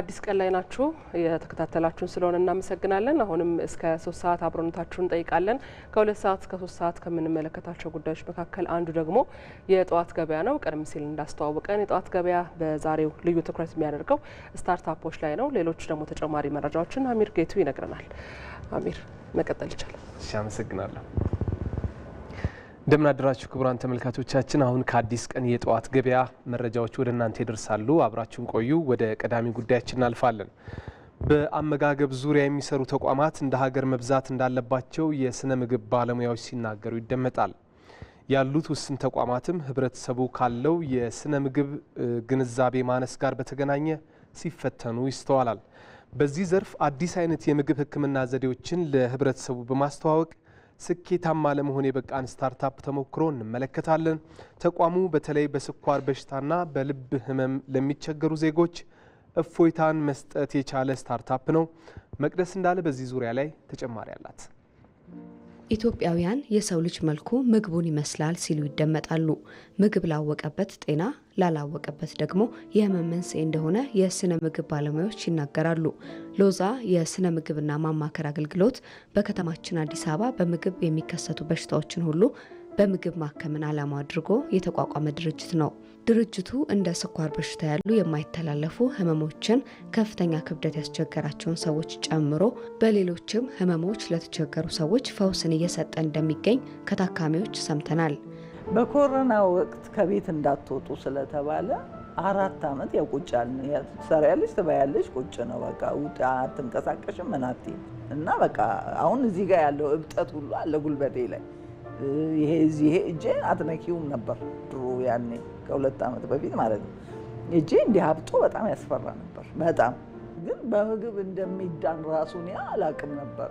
አዲስ ቀን ላይ ናችሁ። የተከታተላችሁን ስለሆነ እናመሰግናለን። አሁንም እስከ ሶስት ሰዓት አብሮነታችሁን እንጠይቃለን። ከሁለት ሰዓት እስከ ሶስት ሰዓት ከምንመለከታቸው ጉዳዮች መካከል አንዱ ደግሞ የጠዋት ገበያ ነው። ቀደም ሲል እንዳስተዋወቀን የጠዋት ገበያ በዛሬው ልዩ ትኩረት የሚያደርገው ስታርታፖች ላይ ነው። ሌሎች ደግሞ ተጨማሪ መረጃዎችን አሚር ጌቱ ይነግረናል። አሚር መቀጠል ይቻላል። አመሰግናለሁ። እንደምን አደራችሁ ክቡራን ተመልካቾቻችን። አሁን ከአዲስ ቀን የጠዋት ገበያ መረጃዎች ወደ እናንተ ይደርሳሉ። አብራችሁን ቆዩ። ወደ ቀዳሚ ጉዳያችን እናልፋለን። በአመጋገብ ዙሪያ የሚሰሩ ተቋማት እንደ ሀገር መብዛት እንዳለባቸው የስነ ምግብ ባለሙያዎች ሲናገሩ ይደመጣል። ያሉት ውስን ተቋማትም ህብረተሰቡ ካለው የስነ ምግብ ግንዛቤ ማነስ ጋር በተገናኘ ሲፈተኑ ይስተዋላል። በዚህ ዘርፍ አዲስ አይነት የምግብ ሕክምና ዘዴዎችን ለህብረተሰቡ በማስተዋወቅ ስኬታማ ለመሆን የበቃን ስታርታፕ ተሞክሮ እንመለከታለን። ተቋሙ በተለይ በስኳር በሽታና በልብ ህመም ለሚቸገሩ ዜጎች እፎይታን መስጠት የቻለ ስታርታፕ ነው። መቅደስ እንዳለ በዚህ ዙሪያ ላይ ተጨማሪ አላት። ኢትዮጵያውያን የሰው ልጅ መልኩ ምግቡን ይመስላል ሲሉ ይደመጣሉ። ምግብ ላወቀበት ጤና፣ ላላወቀበት ደግሞ የህመም መንስኤ እንደሆነ የስነ ምግብ ባለሙያዎች ይናገራሉ። ሎዛ የስነ ምግብና ማማከር አገልግሎት በከተማችን አዲስ አበባ በምግብ የሚከሰቱ በሽታዎችን ሁሉ በምግብ ማከምን ዓላማ አድርጎ የተቋቋመ ድርጅት ነው። ድርጅቱ እንደ ስኳር በሽታ ያሉ የማይተላለፉ ህመሞችን፣ ከፍተኛ ክብደት ያስቸገራቸውን ሰዎች ጨምሮ በሌሎችም ህመሞች ለተቸገሩ ሰዎች ፈውስን እየሰጠ እንደሚገኝ ከታካሚዎች ሰምተናል። በኮሮና ወቅት ከቤት እንዳትወጡ ስለተባለ አራት ዓመት ያው ቁጭ አልን። ትሰሪያለሽ፣ ትበያለሽ፣ ቁጭ ነው በቃ። አትንቀሳቀሽም፣ ምናት እና በቃ አሁን እዚህ ጋር ያለው እብጠት ሁሉ አለ ጉልበቴ ላይ ይሄ ይሄ እጄ አትነኪውም ነበር ድሮ ያኔ ከሁለት ዓመት በፊት ማለት ነው። እጄ እንዲህ ሀብጦ በጣም ያስፈራ ነበር። በጣም ግን በምግብ እንደሚዳን ራሱን ያ አላቅም ነበር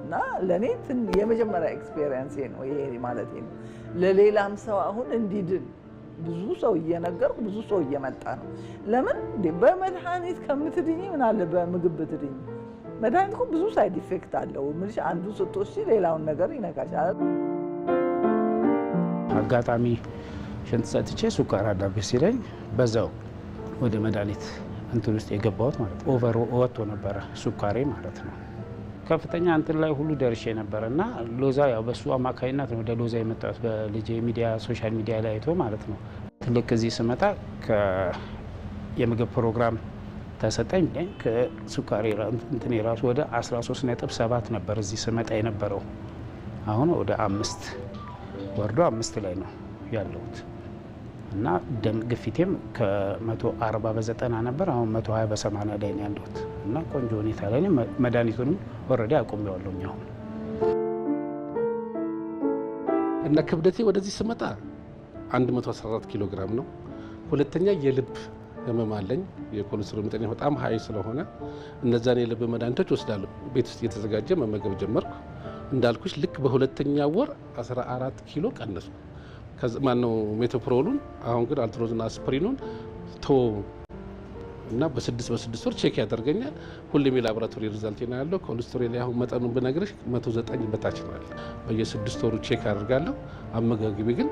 እና ለእኔ የመጀመሪያ ኤክስፔሪንስ ነው ይሄ ማለት ነው። ለሌላም ሰው አሁን እንዲድን ብዙ ሰው እየነገርኩ ብዙ ሰው እየመጣ ነው። ለምን በመድኃኒት ከምትድኝ ምን አለ በምግብ ብትድኝ? መድኃኒት ብዙ ሳይድ ኢፌክት አለው። ምልሽ አንዱ ስትወስጂ ሌላውን ነገር ይነካሻል። አጋጣሚ ሽንት ሰጥቼ ሱካር አለብህ ሲለኝ በዛው ወደ መድኃኒት እንትን ውስጥ የገባሁት ማለት ኦቨር ወጥቶ ነበረ ሱካሬ ማለት ነው። ከፍተኛ እንትን ላይ ሁሉ ደርሼ ነበረ እና ሎዛ ያው በሱ አማካኝነት ነው ወደ ሎዛ የመጣሁት በልጅ ሚዲያ ሶሻል ሚዲያ ላይ አይቶ ማለት ነው። ትልቅ እዚህ ስመጣ የምግብ ፕሮግራም ተሰጠኝ። ሱካሬ እንትን የራሱ ወደ 13 ነጥብ ሰባት ነበር እዚህ ስመጣ የነበረው አሁን ወደ አምስት ወርዶ አምስት ላይ ነው ያለሁት እና ደም ግፊቴም ከ140 በ ነበር። አሁን 120 በ80 ላይ ነው ያለሁት እና ቆንጆ ሁኔታ ላይ መድኃኒቱንም ወረዲ አቁሜዋለሁኝ። አሁን እና ክብደቴ ወደዚህ ስመጣ 114 ኪሎ ግራም ነው። ሁለተኛ የልብ ህመም አለኝ። የኮሌስትሮል መጠኔ በጣም ሀይ ስለሆነ እነዛን የልብ መድኃኒቶች ወስዳለሁ። ቤት ውስጥ እየተዘጋጀ መመገብ ጀመርኩ። እንዳልኩሽ ልክ በሁለተኛ ወር 14 ኪሎ ቀነሱ። ማነው ሜቶፕሮሉን አሁን ግን አልትሮዝና አስፕሪኑን ቶ እና በስድስት በስድስት ወር ቼክ ያደርገኛል። ሁሌም የላቦራቶሪ ሪዛልት ነው ያለው። ኮሌስትሮል አሁን መጠኑን ብነግርሽ መቶ በታች ነው ያለ። በየስድስት ወሩ ቼክ አደርጋለሁ። አመጋግቤ ግን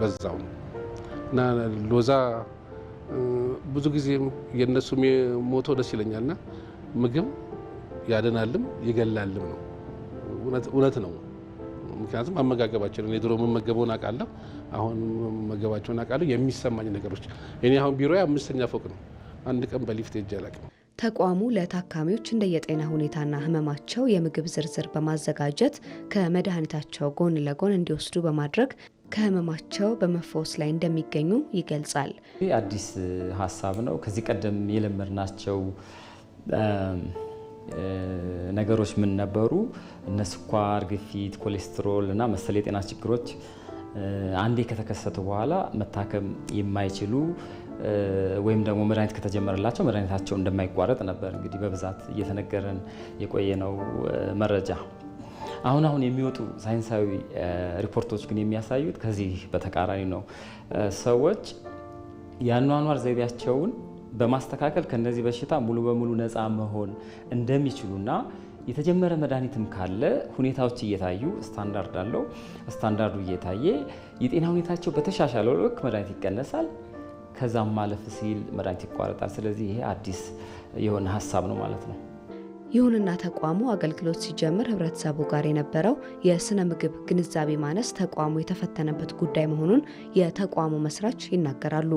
በዛው ነው እና ሎዛ ብዙ ጊዜ የእነሱ ሞቶ ደስ ይለኛልና ምግብ ያደናልም ይገላልም ነው እውነት ነው። ምክንያቱም አመጋገባችንን የድሮ መመገበውን አውቃለሁ፣ አሁን መመገባቸውን አውቃለሁ። የሚሰማኝ ነገሮች እኔ አሁን ቢሮ አምስተኛ ፎቅ ነው። አንድ ቀን በሊፍት ሄጄ አላውቅም። ተቋሙ ለታካሚዎች እንደየጤና ሁኔታና ህመማቸው የምግብ ዝርዝር በማዘጋጀት ከመድኃኒታቸው ጎን ለጎን እንዲወስዱ በማድረግ ከህመማቸው በመፈወስ ላይ እንደሚገኙ ይገልጻል። አዲስ ሀሳብ ነው። ከዚህ ቀደም የለመድናቸው ነገሮች ምን ነበሩ? እነ ስኳር፣ ግፊት፣ ኮሌስትሮል እና መሰል የጤና ችግሮች አንዴ ከተከሰቱ በኋላ መታከም የማይችሉ ወይም ደግሞ መድኃኒት ከተጀመረላቸው መድኃኒታቸው እንደማይቋረጥ ነበር እንግዲህ በብዛት እየተነገረን የቆየነው መረጃ። አሁን አሁን የሚወጡ ሳይንሳዊ ሪፖርቶች ግን የሚያሳዩት ከዚህ በተቃራኒ ነው። ሰዎች የአኗኗር ዘይቤያቸውን በማስተካከል ከነዚህ በሽታ ሙሉ በሙሉ ነፃ መሆን እንደሚችሉና የተጀመረ መድኃኒትም ካለ ሁኔታዎች እየታዩ ስታንዳርድ አለው። ስታንዳርዱ እየታየ የጤና ሁኔታቸው በተሻሻለው ልክ መድኃኒት ይቀነሳል። ከዛም ማለፍ ሲል መድኃኒት ይቋረጣል። ስለዚህ ይሄ አዲስ የሆነ ሀሳብ ነው ማለት ነው። ይሁንና ተቋሙ አገልግሎት ሲጀምር ህብረተሰቡ ጋር የነበረው የስነ ምግብ ግንዛቤ ማነስ ተቋሙ የተፈተነበት ጉዳይ መሆኑን የተቋሙ መስራች ይናገራሉ።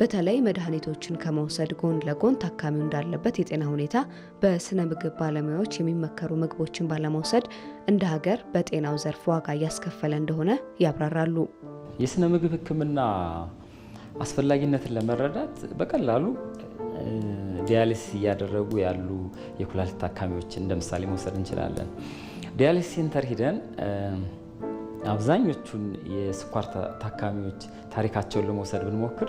በተለይ መድኃኒቶችን ከመውሰድ ጎን ለጎን ታካሚው እንዳለበት የጤና ሁኔታ በስነ ምግብ ባለሙያዎች የሚመከሩ ምግቦችን ባለመውሰድ እንደ ሀገር በጤናው ዘርፍ ዋጋ እያስከፈለ እንደሆነ ያብራራሉ። የስነ ምግብ ሕክምና አስፈላጊነትን ለመረዳት በቀላሉ ዲያሊስ እያደረጉ ያሉ የኩላሊት ታካሚዎች እንደ ምሳሌ መውሰድ እንችላለን። ዲያሊስ ሴንተር ሂደን አብዛኞቹን የስኳር ታካሚዎች ታሪካቸውን ለመውሰድ ብንሞክር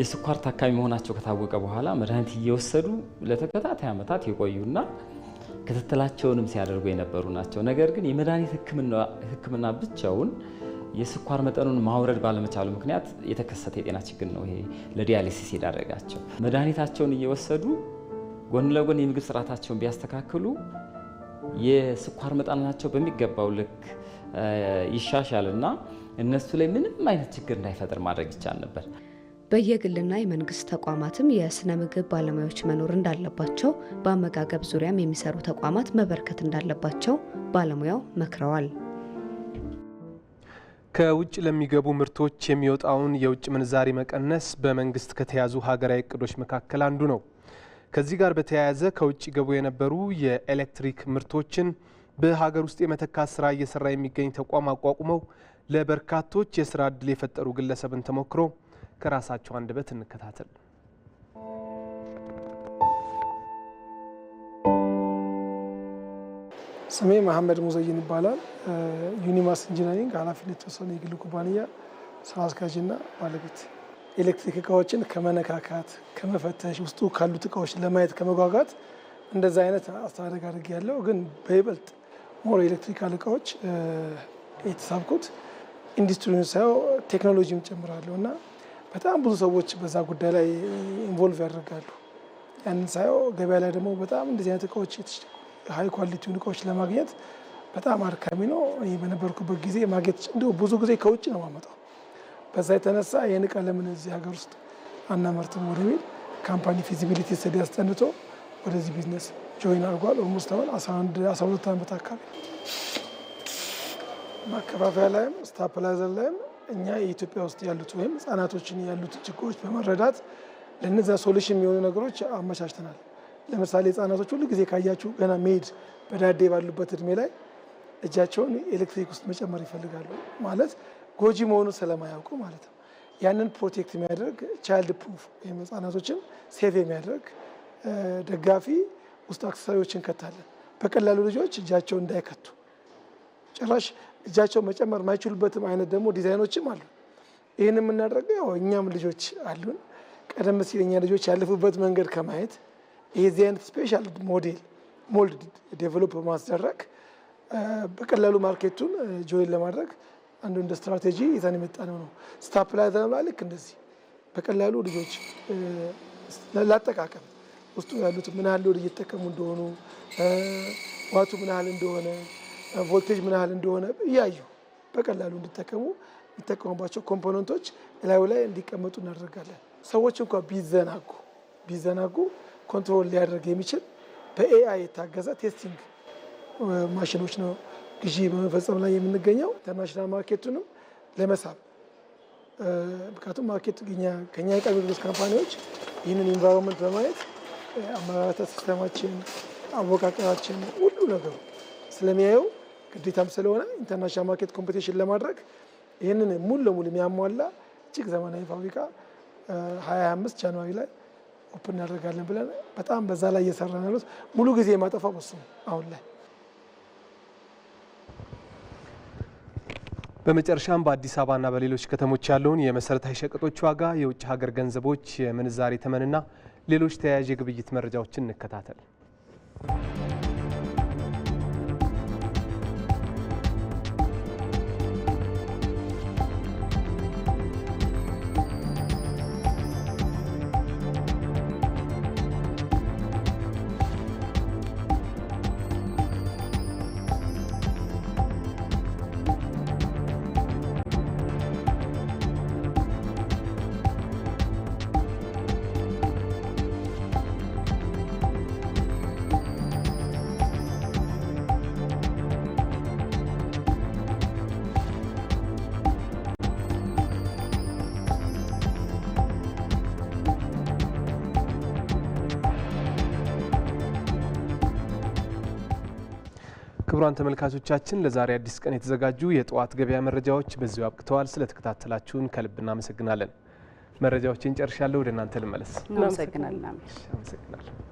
የስኳር ታካሚ መሆናቸው ከታወቀ በኋላ መድኃኒት እየወሰዱ ለተከታታይ ዓመታት የቆዩና ክትትላቸውንም ሲያደርጉ የነበሩ ናቸው። ነገር ግን የመድኃኒት ሕክምና ብቻውን የስኳር መጠኑን ማውረድ ባለመቻሉ ምክንያት የተከሰተ የጤና ችግር ነው። ይሄ ለዲያሊሲስ የዳረጋቸው መድኃኒታቸውን እየወሰዱ ጎን ለጎን የምግብ ስርዓታቸውን ቢያስተካክሉ የስኳር መጠናቸው በሚገባው ልክ ይሻሻልና እነሱ ላይ ምንም አይነት ችግር እንዳይፈጥር ማድረግ ይቻል ነበር። በየግልና የመንግስት ተቋማትም የስነ ምግብ ባለሙያዎች መኖር እንዳለባቸው፣ በአመጋገብ ዙሪያም የሚሰሩ ተቋማት መበርከት እንዳለባቸው ባለሙያው መክረዋል። ከውጭ ለሚገቡ ምርቶች የሚወጣውን የውጭ ምንዛሪ መቀነስ በመንግስት ከተያዙ ሀገራዊ እቅዶች መካከል አንዱ ነው። ከዚህ ጋር በተያያዘ ከውጭ ገቡ የነበሩ የኤሌክትሪክ ምርቶችን በሀገር ውስጥ የመተካት ስራ እየሰራ የሚገኝ ተቋም አቋቁመው ለበርካቶች የስራ ዕድል የፈጠሩ ግለሰብን ተሞክሮ ከራሳቸው አንደበት እንከታተል። ስሜ መሐመድ ሙዘይን ይባላል። ዩኒማስ ኢንጂነሪንግ ኃላፊነት የተወሰነ የግል ኩባንያ ስራ አስኪያጅና ባለቤት። ኤሌክትሪክ እቃዎችን ከመነካካት ከመፈተሽ፣ ውስጡ ካሉት እቃዎች ለማየት ከመጓጓት እንደዛ አይነት አስተዳደግ አድርግ ያለው ግን በይበልጥ ሞር ኤሌክትሪካል እቃዎች የተሳብኩት ኢንዱስትሪውን ሳየው ቴክኖሎጂም ጨምራለሁ እና በጣም ብዙ ሰዎች በዛ ጉዳይ ላይ ኢንቮልቭ ያደርጋሉ። ያንን ሳየው ገበያ ላይ ደግሞ በጣም እንደዚህ አይነት እቃዎች ሀይ ኳሊቲ እቃዎች ለማግኘት በጣም አድካሚ ነው። በነበርኩበት ጊዜ ማግኘት እንዲሁ ብዙ ጊዜ ከውጭ ነው የማመጣው። በዛ የተነሳ ይህን እቃ ለምን እዚህ ሀገር ውስጥ አናመርትም ወደሚል ካምፓኒ ፊዚቢሊቲ ስዲ አስጠንቶ ወደዚህ ቢዝነስ ጆይን አድርጓል። ኦልሞስት አሁን 12 ዓመት አካባቢ ማከፋፈያ ላይም ስታፕላይዘር ላይም እኛ የኢትዮጵያ ውስጥ ያሉት ወይም ህጻናቶችን ያሉት ችግሮች በመረዳት ለነዛ ሶሉሽን የሚሆኑ ነገሮች አመቻችተናል። ለምሳሌ ህጻናቶች ሁሉ ጊዜ ካያችሁ ገና መሄድ በዳዴ ባሉበት እድሜ ላይ እጃቸውን ኤሌክትሪክ ውስጥ መጨመር ይፈልጋሉ። ማለት ጎጂ መሆኑ ስለማያውቁ ማለት ነው። ያንን ፕሮቴክት የሚያደርግ ቻይልድ ፕሩፍ ወይም ህጻናቶችን ሴቭ የሚያደርግ ደጋፊ ውስጥ አክሰሳሪዎችን እንከታለን። በቀላሉ ልጆች እጃቸውን እንዳይከቱ ጭራሽ እጃቸው መጨመር ማይችሉበትም አይነት ደግሞ ዲዛይኖችም አሉ። ይህን የምናደርገው ያው እኛም ልጆች አሉን። ቀደም ሲል እኛ ልጆች ያለፉበት መንገድ ከማየት የዚህ አይነት ስፔሻል ሞዴል ሞልድ ዴቨሎፕ በማስደረግ በቀላሉ ማርኬቱን ጆይን ለማድረግ አንዱ እንደ ስትራቴጂ ይዘን የመጣ ነው። ነው ስታፕላይ ተብላ ልክ እንደዚህ በቀላሉ ልጆች ላጠቃቀም ውስጡ ያሉት ምን ያህል ሎድ እየተጠቀሙ እንደሆኑ ዋቱ ምን ያህል እንደሆነ ቮልቴጅ ምን ያህል እንደሆነ እያዩ በቀላሉ እንዲጠቀሙ የሚጠቀሙባቸው ኮምፖነንቶች እላዩ ላይ እንዲቀመጡ እናደርጋለን። ሰዎች እንኳ ቢዘናጉ ቢዘናጉ ኮንትሮል ሊያደርግ የሚችል በኤአይ የታገዘ ቴስቲንግ ማሽኖች ነው ግዢ በመፈጸም ላይ የምንገኘው። ኢንተርናሽናል ማርኬቱንም ለመሳብ ምክንያቱም ማርኬቱ ከኛ የዕቃ ካምፓኒዎች ይህንን ኢንቫይሮንመንት በማየት አመራረተ ሲስተማችን፣ አወቃቀራችን ሁሉ ነገሩ ስለሚያየው ግዴታም ስለሆነ ኢንተርናሽናል ማርኬት ኮምፒቲሽን ለማድረግ ይህንን ሙሉ ለሙሉ የሚያሟላ እጅግ ዘመናዊ ፋብሪካ 25 ጃንዋሪ ላይ ኦፕን እናደርጋለን ብለን በጣም በዛ ላይ እየሰራ ያሉት። ሙሉ ጊዜ የማጠፋው እሱ አሁን ላይ በመጨረሻም በአዲስ አበባና በሌሎች ከተሞች ያለውን የመሰረታዊ ሸቀጦች ዋጋ፣ የውጭ ሀገር ገንዘቦች የምንዛሬ ተመንና ሌሎች ተያያዥ የግብይት መረጃዎችን እንከታተል። ክቡራን ተመልካቾቻችን ለዛሬ አዲስ ቀን የተዘጋጁ የጠዋት ገበያ መረጃዎች በዚሁ አብቅተዋል። ስለተከታተላችሁን ከልብ እናመሰግናለን። መረጃዎችን ጨርሻለሁ። ወደ እናንተ ልመለስ። እናመሰግናለን።